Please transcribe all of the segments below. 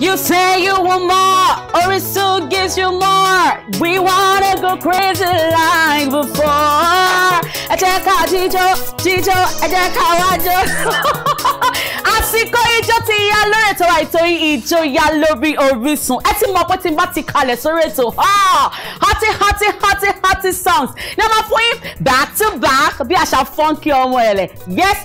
You say you want more, or it still gives you more. We wanna go crazy like before. Ẹ jẹ́ ká jíjó, jíjó, ẹ jẹ́ ká wájó. Àsìkò ijó ti yá lórí ètò àìtó ijó yá lórí Orísun. Ẹ ti mọ̀ pé tí n bá ti kalẹ̀ sórí ètò. Hoti ah, hoti hoti hoti songs. Ní ọmọ fún yín back to back bí àṣà fọ́nkì ọmọ ẹ̀lẹ̀. Yes,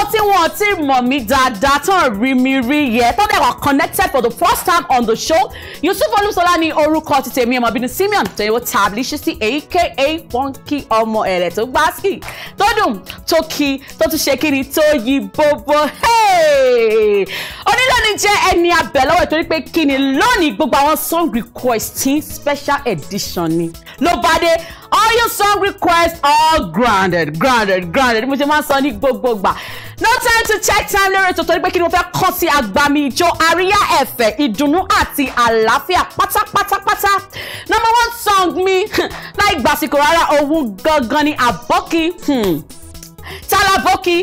àwọn tí wọn ti mọ̀ mí dáadáa tán rí mi rí yẹ tó dẹ̀ wà connected for the first time on the show Yusuf Olúṣọlá ní orúkọ ti tèmi ọmọ bínú Simeon tẹ̀yẹ̀wò tàbí ṣíṣí aka Funky ọmọ ẹ̀rẹ̀ tó gbá sí tó dùn tó kí tó tún ṣe kí ni tó yí bóbó nílò ní jẹ́ ẹni abẹ̀ lọ́wọ́ torí pé kí ni lónìí gbogbo àwọn song request ní special edition ni ló bá dé all your song requests all grounded grounded grounded mo ṣe máa ń sọ ní gbogbogbà no time to check time lórí ètò torí pé kí ni mo fẹ́ kọ́ sí agbami ìjó àríyá ẹ̀fẹ̀ ìdùnnú àti àlàáfíà pátápátápátá number one song mi láì gbàsíkò rárá òun gangan ni àbọ́kí hmm. tálábọ́kí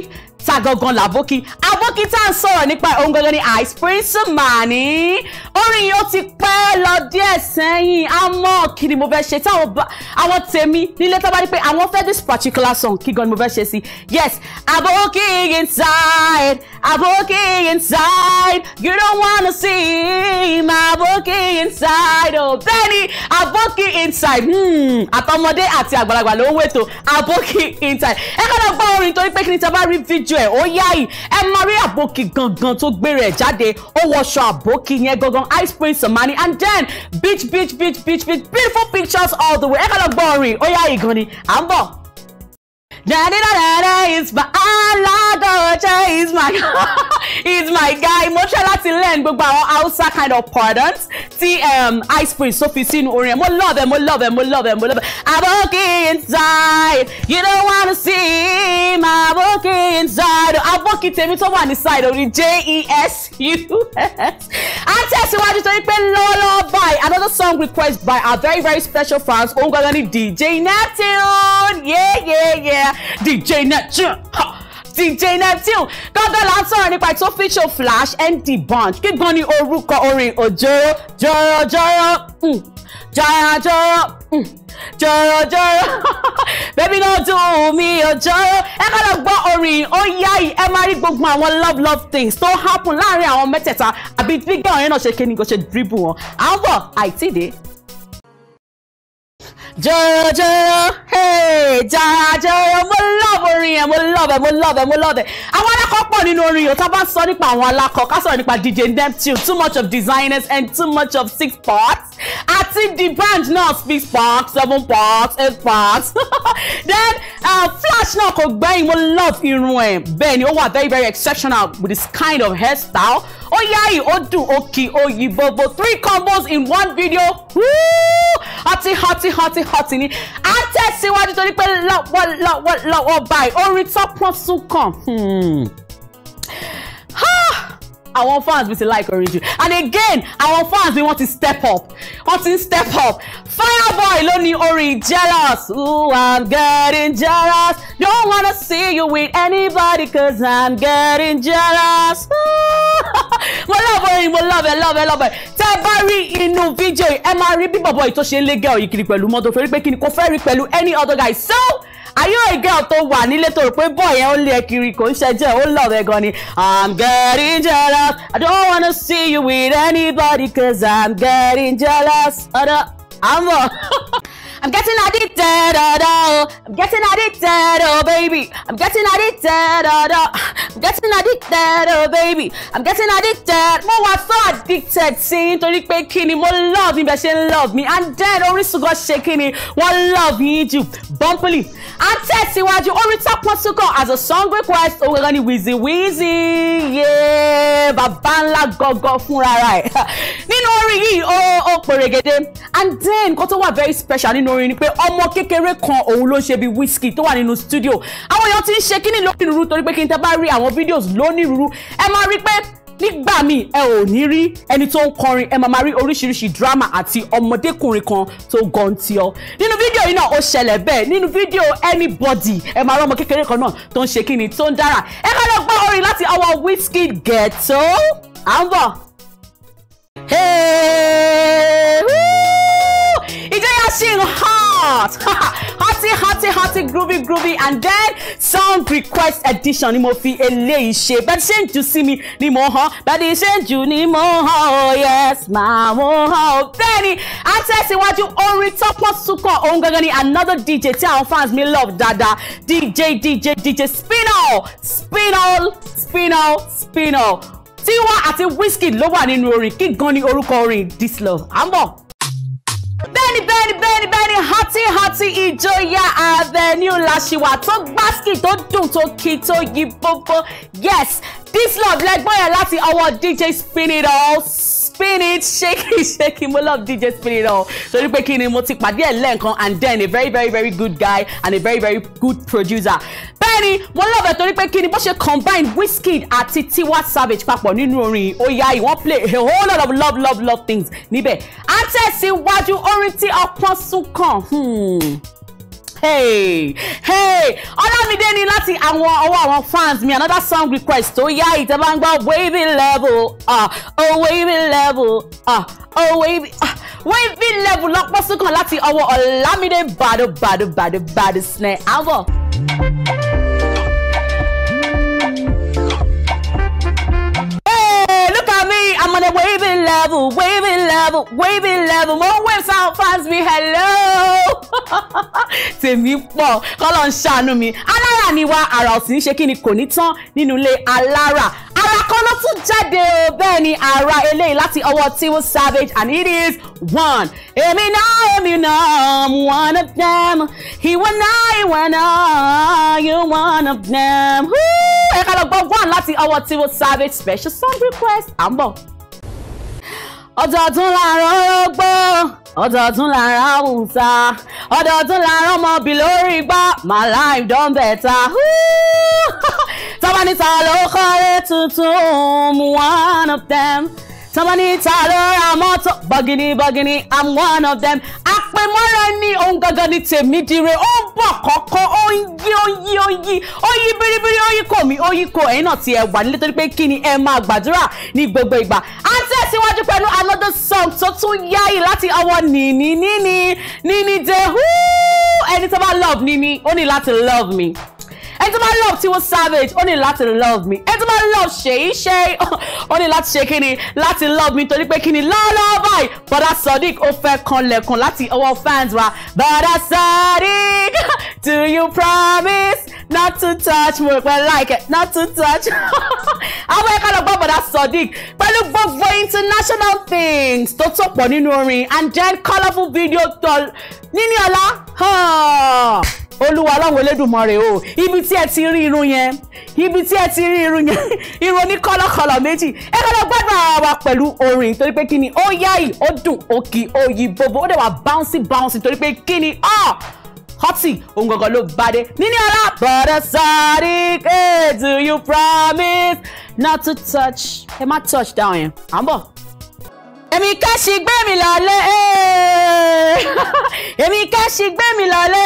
ta gangan làbókí àbókí tá à ń sọ̀rọ̀ ohun gangan ni ice prince mani orin yìí ó ti pẹ́ lọ díẹ̀ sẹ́yìn àmọ́ kí ni mo fẹ́ ṣe tí àwọn tèmi nílé tó bá ní pé àwọn fẹ́ this particular song kí gan ni mo fẹ́ ṣe sí yes àbókí inside àbókí inside you don't wanna see my àbókí inside oh bẹ́ẹ̀ni àbókí inside hmm, àtọmọdé àti àgbàlagbà ló ń wètò àbókí inside ẹ kọ́ lọ gbọ́ orin torí pé kí ni tí a bá rí fídíò ẹ̀ ó yáì ẹ máa rí àbókí gangan tó gbére ẹ̀ jáde ó wọṣọ àbókí yẹn gangan ice prince samani and then beach beach beach beach beach beautiful pictures all the way ẹ ká lọ gbọ́ orin ó yáì gan ni à ń bọ̀. Daddy, daddy, it's my Allah, daughter, my. is my guy mo try láti learn gbogbo àwọn hausa kind of pardons tí um, ice cream, tó fi sínú orin ẹ̀ mo love ẹ̀ mo love ẹ̀ mo love ẹ̀ mo love ẹ̀ aboki inside you don't wanna see my aboki inside aboki tèmi tó wà ní side orí j-e-s-u-s a tẹ̀síwájú torí pé lọ́wọ́lọ́wọ́ báyìí another song request by our very very special fans òun gangan ni dj neptune yeah yeah yeah dj neptune ha. DJ Neptune. Gángan sọ̀rọ̀ nípa tó feature Flash and The Bunch kí gan ni orúkọ orin òjòrò jọ̀rọ̀jọ̀rọ̀ jọ̀rọ̀jọ̀rọ̀ hmm. jọ̀rọ̀jọ̀rọ̀ hmm. bẹ́bí náà dùn mí òjòrò ẹ ká lọ gbọ́ orin ó yá yìí ẹ máa rí gbogbo àwọn love love things tó happen láàrin àwọn mẹ́tẹ̀ẹ̀ta àbí gbígbé ọ̀rẹ́ náà ṣe kí ni kò ṣe dribble wọn à ń bọ̀ àìtídé jọyọ hey jàrà jọyọ mo love orin yẹn mo love ẹ mo love ẹ mo love ẹ àwọn alákọ pọ̀ nínú orin yìí tá bá sọ nípa àwọn alákọ ká sọ̀rọ̀ nípa DJ Neptune too much of designers and too much of six parts àti the band náà six parts seven parts eight parts then uh, Flash náà kò gbẹ́yìn mo love irun ẹ̀ bẹ́ẹ̀ ni ó wà very very exceptional with this kind of hairstyle ó yáyì ó dùn ó kì ó yí bobo three combos in one video. Woo! hoti hoti hoti hoti ni a tẹ̀síwájú torí pé lọ́wọ́ lọ́wọ́ lọ́wọ́ báyìí orin tọ́pọ̀ tún kàn hmm. àwọn fans mi ti like orin jù and again àwọn fans mi wọ́n ti step up wọ́n ti step up Fireboy ló ní orin jealous ooh i'm getting jealous don't wanna see you with anybody cause i'm getting jealous. Ooh. mo love orin oh, mo love ẹ love tẹ́ ẹ bá rí inú fídíò yìí ẹ máa rí bí bọ̀bọ̀ yìí tó ṣe ń lé gẹ́ọ̀ yìí kiri pẹ̀lú mọ́tò torí pé kí kò fẹ́ rí pẹ̀lú any other guy so ayé ìgẹ́ tó wà nílé tó rò pé bọ́ọ̀ yẹn ó lé ẹ kiri kò ń ṣẹjẹ́ ó love gan ni i'm getting jealous i don't wanna see you with anybody cause i'm getting jealous ọ̀dọ̀ àmọ́. I'm getting addicted, oh, no. I'm getting addicted, oh baby. I'm getting addicted, oh no. I'm getting addicted, oh baby. I'm getting addicted. Mo wa so addicted sí nítorí pé kíni mo love ibẹ̀ ṣe love me and then Orisun Gold ṣe kíni wọ́n love yín jù bumpily. A tẹ̀síwájú orin Tọ́pọ̀ Súnkọ̀ as a song request òwe gan ni Wizzy Wizzy yé bàbá ńlá gọ́gọ́ ni rẹ̀. Nínú orin yìí ó pèrègede and then koto wa very special ni nínú orin ni pé ọmọ kékeré kan òun ló ṣe bí Wizkid tó wà nínú studio àwọn èèyàn ti ń ṣe kíní lónírúurú torí pé kí n tẹ́ bá rí àwọn fídíòs lónírúurú ẹ máa rí pé nígbà míì ẹ ò ní rí ẹni tó ń kọrin ẹ máa máa rí oríṣiríṣi drama àti ọmọdékùnrin kan tó gan ti ọ nínú fídíò yìí náà ó ṣẹlẹ̀ bẹ́ẹ̀ nínú fídíò anybody ẹ máa rí ọmọ kékeré kan náà tó ń ṣe kíni tó ń dára ẹ ká lọ gbọ́ orin láti ọwọ́ Wizkid Ghetto à ń bọ̀. Hey! flashing hot hotty hotty hotty groovy groovy and then song request edition ni mo fi eléyìí ṣe bẹ́ẹ̀ ṣe ń jù sí mi ni mo hàn bẹ́ẹ̀ ṣe ń jù ni mo hàn oh, yes máa mo hàn o oh, bẹ́ẹ̀ ni a tẹ̀síwájú orin tọ́pọ̀ súnkọ̀ ohun gangan ni another dj tí àwọn fans mi love dada dj dj dj spinal spinal spinal spinal tiwa àti Wizkid ló wà nínú orin kí gan ni orúkọ orin this love à bẹ́ẹ̀ni bẹ́ẹ̀ni bẹ́ẹ̀ni bẹ́ẹ̀ni hati hati ìjọya avenue làṣìwà tó gbásíkì tó dùn tó kí tó yí bóbó yes this love lẹ́gbọ́n yẹn láti ọwọ́ DJ spinning it all spirit shaky shaky mo love dj spirit o torí pé kí ni mo ti pàdé ẹ̀ lẹ́ẹ̀kan and then a very very very good guy and a very very good producer bẹ́ẹ̀ni mo love ẹ̀ torí pé kí ni bó ṣe combine Wizkid àti Tiwa Savage papọ̀ nínú orin oya yìí play a whole lot of love love love things níbẹ̀ àtẹ̀síwájú orin tí ọpọ́n sún kàn. Hmm hey hey ọlámídé ni láti àwọn ọwọ́ àwọn fans mi another song request tó yá ìtẹ́bá ń gbọ́ wavy level ah oh wavy level ah oh wavy ah wavy level lọ́pọ̀ sókàn láti ọwọ́ ọlámídé bàdó bàdó bàdó bàdó snare àbọ̀. wavy level, wavy level, wavy level, mo wave sound fans mi hello. tèmi pọ̀ kọ́lọ́ ń ṣàánú mi alára ni wa àrà ò sì ń ṣe kí ni kò ní tán nínú ilé alára ara kan ló tún jáde o bẹ́ẹ̀ ni ara eléyìí láti ọwọ́ tiwọn savage and it is one. èmi náà èmi náà I'm one of them ìwọ náà ìwọ náà you one of them. ẹ ká lọ gbọ́ one láti ọwọ́ tiwọn savage special song request à ń bọ̀ ọ̀tọ̀ọ̀tún làárọ̀ ọlọ́gbọ́ ọ̀tọ̀ọ̀tún làárọ̀ àwùsá ọ̀tọ̀ọ̀tún làárọ̀ ọmọbì lórí gbá my life don better tọ́mọ́ni ta ló kọ́lé tuntun one of them tọ́mọ́ni ta ló ra mọ́tò bọ́gìnì bọ́gìnì i'm one of them àpèmọ́ra ní ohun gangan ní tèmi dire ó ń bọ̀ kọ́kọ́ ó ń yí ó ń yí ó ń yí ó yí bíríbírí ó yí kò mí ó yí kò ẹ̀yin náà ti ẹ̀ wà nílé torí pé kí ni ẹ máa gbàdúrà ní gbogbo ìgbà á tẹ̀síwájú pẹ̀lú another song tó tún yáyì láti ọwọ́ nìní nìní nìní de ẹni tó bá love nìní ó ní láti love me ẹni tó bá love Tiwa Savage ó ní láti love me ẹni tó bá love Ṣèyí Ṣèyí ó ní láti ṣe kíni láti love me torí pé kíni lọ́wọ́lọ́wọ́ báyìí bọ́dà Sodiq ó fẹ́ kanlẹ̀kùn láti ọwọ́ fans wa bọ́dà Sodiq Do you promise not to touch me? Well, like it not to touch àwọn ẹ̀ka lọ gbọ́ bọ̀dá Sodiq pẹ̀lú gbogbo international things tó tó pọ̀ nínú orin and then colourful video tọ́ níní ọlá olúwa ọlọ́run olódùmarè o ibi tí ẹ ti rí irun yẹn ibi tí ẹ ti rí irun yẹn irun ní kọ́lọ́kọ́lọ́ méjì ẹ kọ́ lọ gbádùn ara wa pẹ̀lú orin torí pé kí ni ó yáyì ó dùn òkì òyì bòbò ó dẹ̀ wà bouncy bouncy torí pé kí ni ọ́. Ah! Hotty òun gangan ló bá dé níní ọlá. bọ̀dọ̀ sọ́ọ́dí hey, do you promise not to touch ẹ má touch down yẹn à ń bọ̀. èmi Kẹ́ṣì gbé mi lọ́lé èmi Kẹ́ṣì gbé mi lọ́lé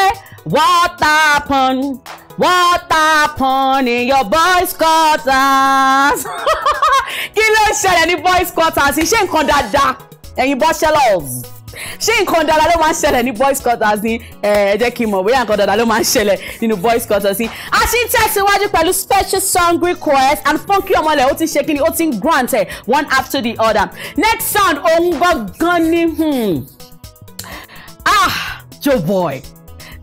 what happened what happened in your boys quarters kí ló ń ṣẹlẹ̀ ní boys quarters ṣé nǹkan dáadáa ẹ̀yin bọ́ṣẹ́lọ́ọ̀sì ṣé nǹkan dáadáa ló máa ń ṣẹlẹ̀ ní boys quarters ni ẹ jẹ́ kí n mọ̀ bóyá nǹkan dáadáa ló máa ń ṣẹlẹ̀ nínú boys quarters ni. a ṣì ń tẹ̀síwájú pẹ̀lú special song request and funky ọmọlẹ̀ ó ti ṣe kí ni ó ti ń grant one after the other next sound òun gangan ni hmm. ah joe boy.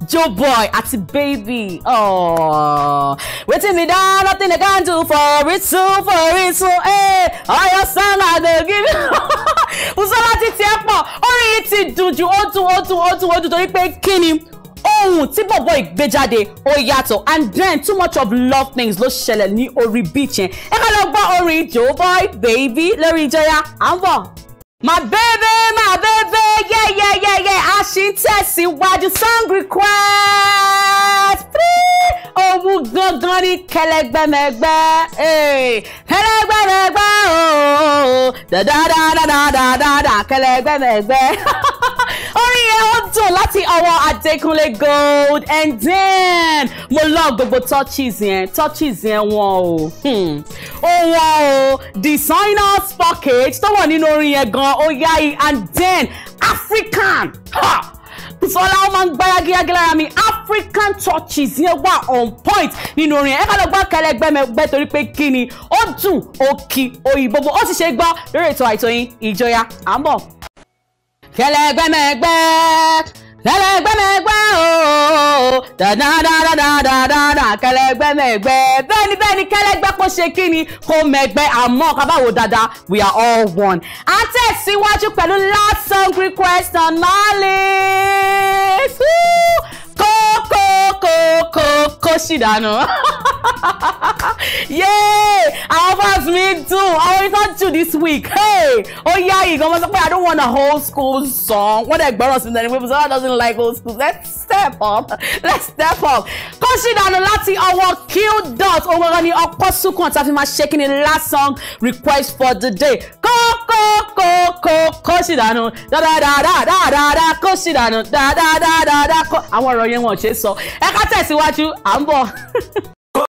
Joe Boy àti Baby. Oh. Wetin be done, nothing I can do for it so for it so. Hey, eh, all your give you. Bùsọ́lá ti tiẹ̀ pọ̀ orí yìí ti dùn ju ó dùn ó dùn ó dùn ó dùn torí pé kí ni ohun tí bọ̀bọ̀ ìgbéjáde ó yàtọ̀ and then too much of love things ló ṣẹlẹ̀ ní orí beach yẹn ẹ ká lọ gbọ́ orin Jowboy baby lórí ìjọya à ń bọ̀. my baby my baby yeah yeah yeah yeah a ṣì ń tẹ̀síwájú song request òun gangan ní kẹlẹgbẹmẹgbẹ kẹlẹgbẹmẹgbẹ ooo oh. dadadadadadada kẹlẹgbẹmẹgbẹ orin yẹn ó dùn láti ọwọ́ Adékúnlé Gold and then mo love gbogbo touches yẹn touches yẹn wọn o hmm. ó wọn o designers package tó wà nínú orin yẹn gan ó yá i and then African. Ha! Bùsọ́lá ó máa ń gbáyagíyagí lára mi African touches yẹn wà on point nínú orin ẹ̀ ká lọ gbá kẹlẹgbẹmẹgbẹ torí pé kí ni ó dùn ó kí òyìnbó bó ó sì ṣe gbọ́ lórí ètò àìtó yín ìjọya à ń bọ̀ lẹ́lẹ́gbẹ́mẹ́gbẹ́ ooo dàdàdàdàdàdàdà kẹlẹ́gbẹ́mẹ́gbẹ́ bẹ́ẹ̀ni bẹ́ẹ̀ni kẹlẹ́gbẹ́ kó ṣe kí ni kó mẹ́gbẹ́ àmọ́ kábàwò dada we are all one. a tẹ̀síwájú pẹ̀lú last song request on my list kókókókókó ṣì dànù. yay àwọn fans mi too. àwọn return to this week hey ó yá ìgbọ́n wọn sọ pé i don't want a whole school song wọ́n dẹ̀ gbọ́rọ̀ sí ní pé someone doesn't like old school let's step up let's step up kó sì dànù láti ọwọ́ q dot owó ọ̀rọ̀ ni ọkọ̀ sunkún àti àfi máa ṣe kí ni last song request for the day kókókókó kó sì dànù dáadáadáadáa kó sì dànù dáadáadáadáa kó àwọn ọ̀rọ̀ yẹn wọn ò ṣe é sọ ẹ ká tẹ̀síwájú à ń bọ̀.